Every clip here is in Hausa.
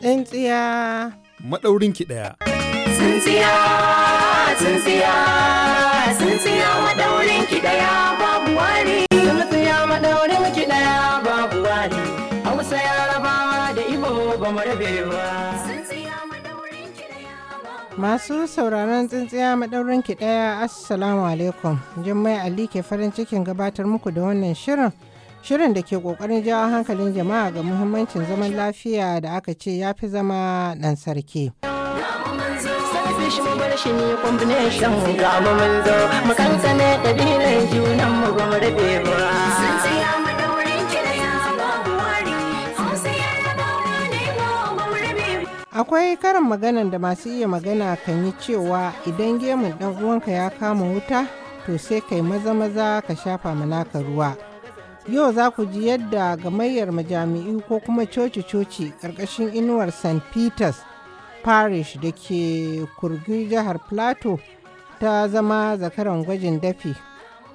Tsintsiya. Maɗaurin ki ɗaya. Tsintsiya, tsintsiya, tsintsiya maɗaurin ki ɗaya babu wani. Tsintsiya maɗaurin ki ɗaya babu wani. Hausa ya raba da Ibo ba mu rabe ba. Masu sauraron tsintsiya maɗaurin ki ɗaya Assalamu alaikum. Jummai Ali ke farin cikin gabatar muku da wannan shirin. Shirin da ke ƙoƙarin jawo hankalin jama'a ga muhimmancin zaman lafiya da aka ce ya fi zama ɗan sarki. akwai karin magana da masu iya magana kan yi cewa idan gemun dan uwanka ya kama wuta to sai kai maza maza ka shafa manaka ruwa Yau za ku ji yadda gamayyar majami'u ko kuma coci-coci ƙarƙashin inuwar St. Peters Parish da ke kurgi jihar Plateau ta zama zakaran gwajin dafi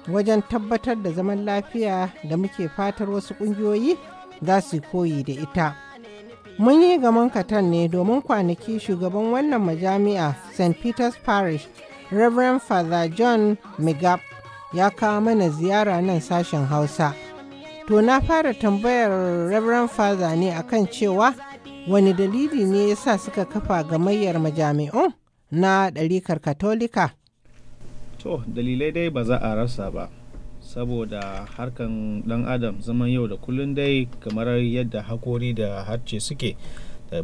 wajen tabbatar da zaman lafiya da muke fatar wasu ƙungiyoyi za su koyi da ita. Mun yi gaman katan ne domin kwanaki shugaban wannan majami'a St. Peter's Parish, Reverend Father John Migap ya kawo mana ziyara nan sashen Hausa. To na fara tambayar Reverend Father ne akan cewa wani dalili ne yasa suka kafa gamayyar majami'un na ɗarikar Katolika. To, dalilai dai ba za a rasa ba, saboda harkan dan adam zaman yau da kullum dai kamar yadda hakori da harce suke.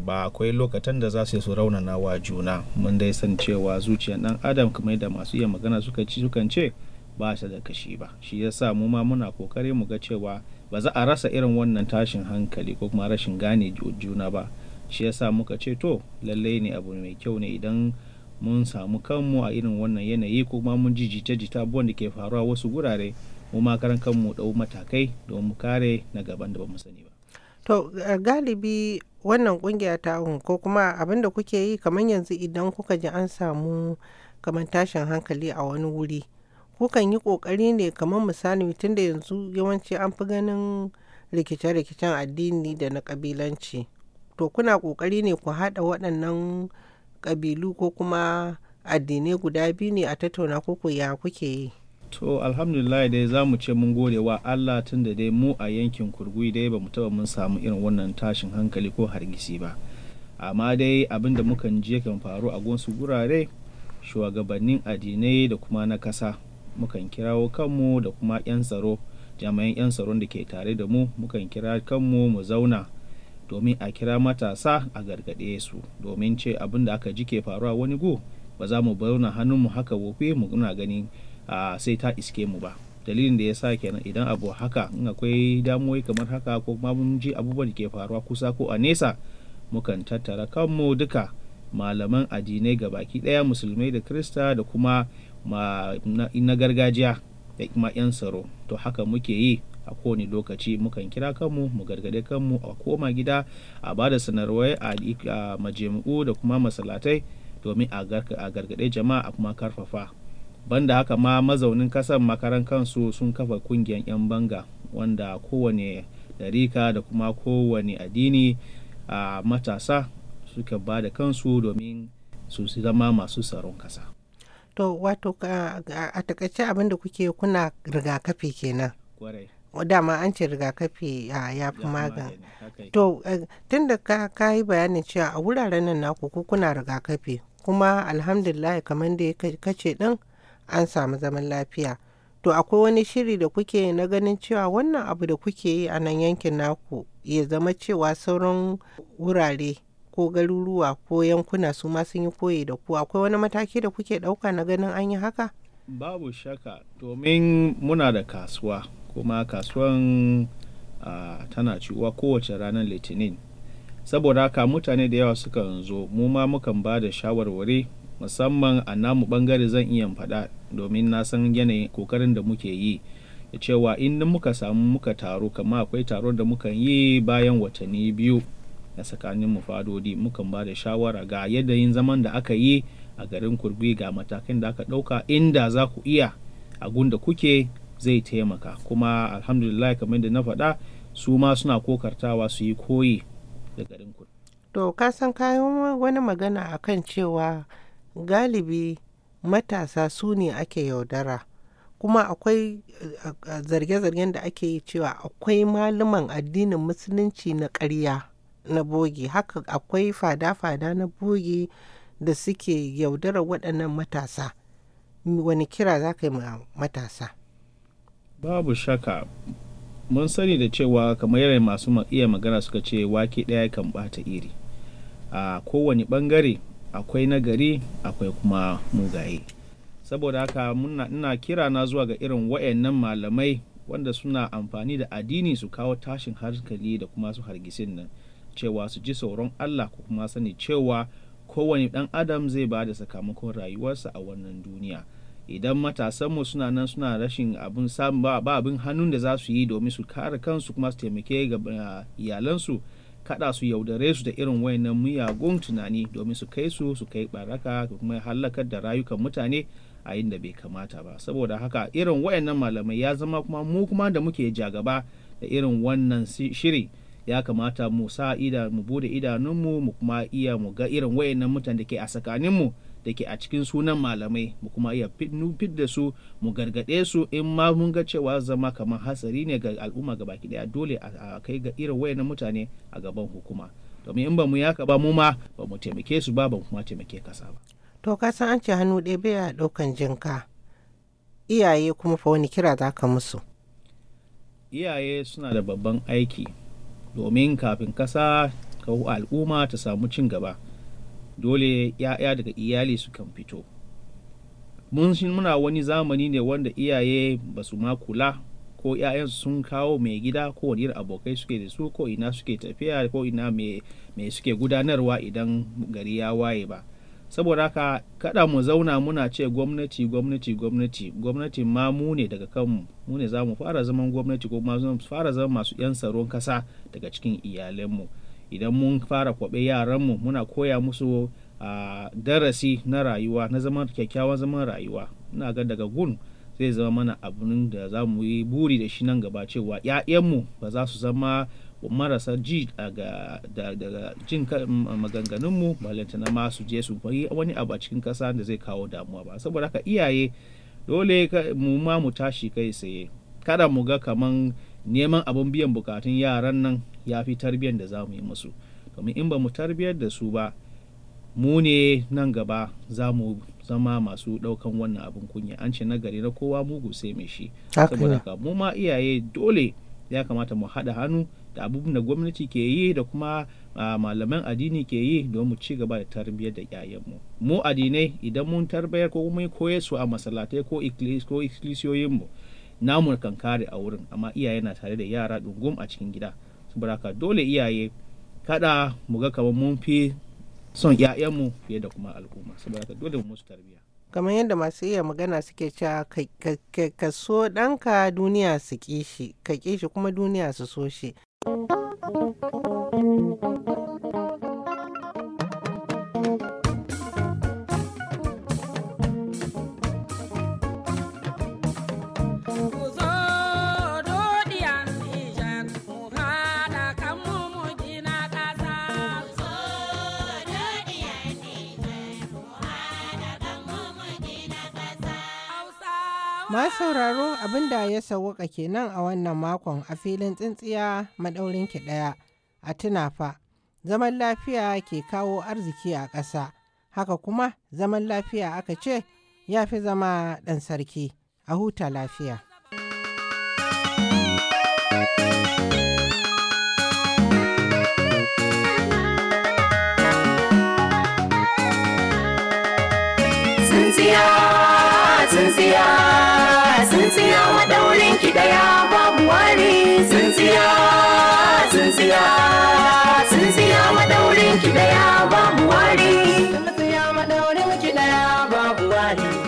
ba akwai lokacin da za su su raunana wa juna mun dai san cewa zuciyar dan adam kamar da masu iya magana suka ci sukan ce ba shi da kashi ba shi ya sa mu ma muna kokari mu ga cewa ba za a rasa irin wannan tashin hankali ko kuma rashin gane juna ba shi ya sa muka ce to lallai ne abu mai kyau ne idan mun samu kanmu a irin wannan yanayi ko kuma mun ji jita-jita abubuwan da ke faruwa wasu gurare mu ma karan kanmu dau matakai don mu kare na gaban da ba mu sani ba. To eh, galibi wannan kungiya ta ko kuma abin da kuke yi kamar yanzu idan kuka ji an samu kamar tashin hankali a wani wuri kukan yi ƙoƙari ne kamar misali tun da yanzu yawanci an fi ganin rikice-rikicen addini da na kabilanci to kuna ƙoƙari ne ku haɗa waɗannan ƙabilu ko kuma addinai guda biyu ne a tattauna ko ya kuke yi to alhamdulillah dai za mu ce mun gode wa allah tun da dai mu a yankin kurgui dai ba mu taɓa mun samu irin wannan tashin hankali ko hargisi ba amma dai abin da mukan je kan faru a gonsu gurare shugabannin addinai da kuma na kasa mukan kirawo kanmu da kuma 'yan tsaro jami'an 'yan tsaron da ke tare da mu mukan kira kanmu mu zauna domin a kira matasa a gargaɗe su domin ce abin da aka ji ke faruwa wani go ba za mu bauna hannunmu haka wofe mu muna ganin sai ta iske mu ba dalilin da ya sa kenan idan abu haka in akwai damuwa kamar haka ko kuma mun ji abubuwan da ke faruwa kusa ko a nesa mukan tattara kanmu duka malaman addinai ga baki ɗaya musulmai da krista da kuma ma na gargajiya da kuma 'yan tsaro to haka muke yi a kowane lokaci mukan kira kanmu mu gargade kanmu a koma gida a ba da sanarwai a majami'u da kuma masalatai domin a gargade jama'a kuma karfafa banda haka ma mazaunin kasan makaran kansu sun kafa kungiyar 'yan banga wanda kowane dariƙa da kuma kowane addini a matasa suka ba da kansu domin su zama masu tsaron kasa To wato a takaice abin da kuke kuna rigakafi kenan. dama an ce rigakafi ya fi magani to eh, tun da ka yi bayanin cewa a wuraren nan naku ku kuna rigakafi kuma alhamdulillah kamar da ka ce din an samu zaman lafiya to akwai wani shiri da kuke na ganin cewa wannan abu da kuke yi a nan yankin naku ya zama cewa sauran wurare ko garuruwa ko yankuna su ma sun yi koyi da ku akwai wani mataki da kuke ɗauka na ganin an yi haka? Babu shaka domin muna da kasuwa kuma kasuwan tana ciwa kowace ranar litinin saboda haka mutane da yawa suka zo mu ma mukan ba da shawarwari musamman a namu bangare zan iya faɗa domin na san yanayin kokarin da muke yi da cewa in muka samu muka taro kama akwai taron da muka yi bayan watanni biyu na tsakanin mu fadodi mukan ba da shawara ga yadda yin zaman da aka yi a garin kurbi ga matakan da aka ɗauka inda za ku iya a gunda kuke zai taimaka kuma alhamdulillah kamar da na faɗa su ma suna kokartawa su yi koyi da garin kurbi. to ka san kayan wani magana akan cewa galibi matasa su ne ake yaudara kuma akwai eh, zarge-zargen da ake yi cewa akwai malaman addinin musulunci na ƙarya na bogi haka akwai fada-fada na bogi da suke yaudara waɗannan matasa wani kira za ka yi matasa babu shaka mun sani da cewa kamar yadda masu iya magana suka ce wake ɗaya kan bata iri a kowane ɓangare akwai nagari akwai kuma mugaye saboda haka muna ina kira na zuwa ga irin wayannan malamai wanda suna amfani da addini su kawo tashin harkali da kuma su hargitsin nan cewa su ji tsoron Allah ko kuma sani cewa kowane ɗan adam zai ba da sakamakon rayuwarsa a wannan duniya idan matasanmu suna nan suna rashin abin samun ba abin hannun da za su yi domin su kare kansu kuma su taimake ga iyalansu kada su yaudare su da irin wayannan miyagun tunani domin su kai su su kai baraka kuma halakar da rayukan mutane a inda bai kamata ba saboda haka irin wayannan malamai ya zama kuma mu kuma da muke jagaba da irin wannan shiri ya kamata mu sa ida mu bude idanunmu mu kuma iya mu ga irin wayannan mutan da ke a tsakaninmu da ke a cikin sunan malamai mu kuma iya nufin da su mu gargaɗe su in ma mun ga cewa zama kamar hatsari ne ga al'umma ga baki daya dole a kai ga irin wayannan mutane a gaban hukuma domin in ba mu yaka ba mu ma ba mu taimake su ba ba mu kuma taimake kasa ba to ka san an ce hannu ɗaya bai a ɗaukan jinka iyaye kuma fa wani kira za ka musu iyaye suna da babban aiki domin kafin ƙasa ka al'umma ta samu cin gaba dole 'ya'ya daga iyali su kan fito mun shi muna wani zamani ne wanda iyaye ba su ma kula ko 'ya'yan sun kawo mai gida ko wani abokai suke da su ko ina suke tafiya ko ina mai suke gudanarwa idan gari ya waye ba saboda haka kada mu zauna muna ce gwamnati gwamnati gwamnati gwamnati ma mu ne daga kanmu mu ne za mu fara zaman gwamnati ko ma mu fara zaman masu yan tsaron kasa daga cikin iyalanmu idan mun fara kwabe yaranmu muna koya musu a darasi na rayuwa na zaman kyakkyawan zaman rayuwa ina ga daga gun zai zama mana abin da za mu yi buri da shi nan gaba cewa 'ya'yanmu ba za su zama marasa ji daga jin maganganunmu balantana ma masu je su yi wani abu a cikin ƙasa da zai kawo damuwa ba saboda haka iyaye dole mu ma mu tashi kai tsaye kada mu ga kaman neman abin biyan bukatun yaran nan ya fi tarbiyyar da za mu yi musu domin in ba mu tarbiyyar da su ba mu ne nan gaba za mu zama masu ɗaukan wannan abin kunya an ce nagari na kowa mugu sai mai shi saboda mu ma iyaye dole ya kamata mu haɗa hannu da abubuwan da gwamnati ke yi da kuma malaman addini ke yi don mu ci gaba da tarbiyyar da yayanmu mu addinai idan mun tarbiyyar ko mun koye su a masallatai ko ikkilisiyoyin mu namu kan kare a wurin amma iyaye na tare da yara dungum a cikin gida saboda haka dole iyaye kada mu ga kamar mun fi son ‘ya'yanmu fiye da kuma al'umma saboda dole mu musu tarbiyya. kamar yadda masu iya magana suke cewa ka so ɗanka duniya su ƙi shi ka ƙi kuma duniya su so shi Música Ma sauraro abin da ya sauwaka kenan a wannan makon a filin tsintsiya maɗaurin ki ɗaya a tuna fa zaman lafiya ke kawo arziki a ƙasa haka kuma zaman lafiya aka ce ya fi zama ɗan sarki a huta lafiya. Cynthia, tsintsiya madaurin ki daya babu wani tsintsiya tsintsiya tsintsiya madaurin ki daya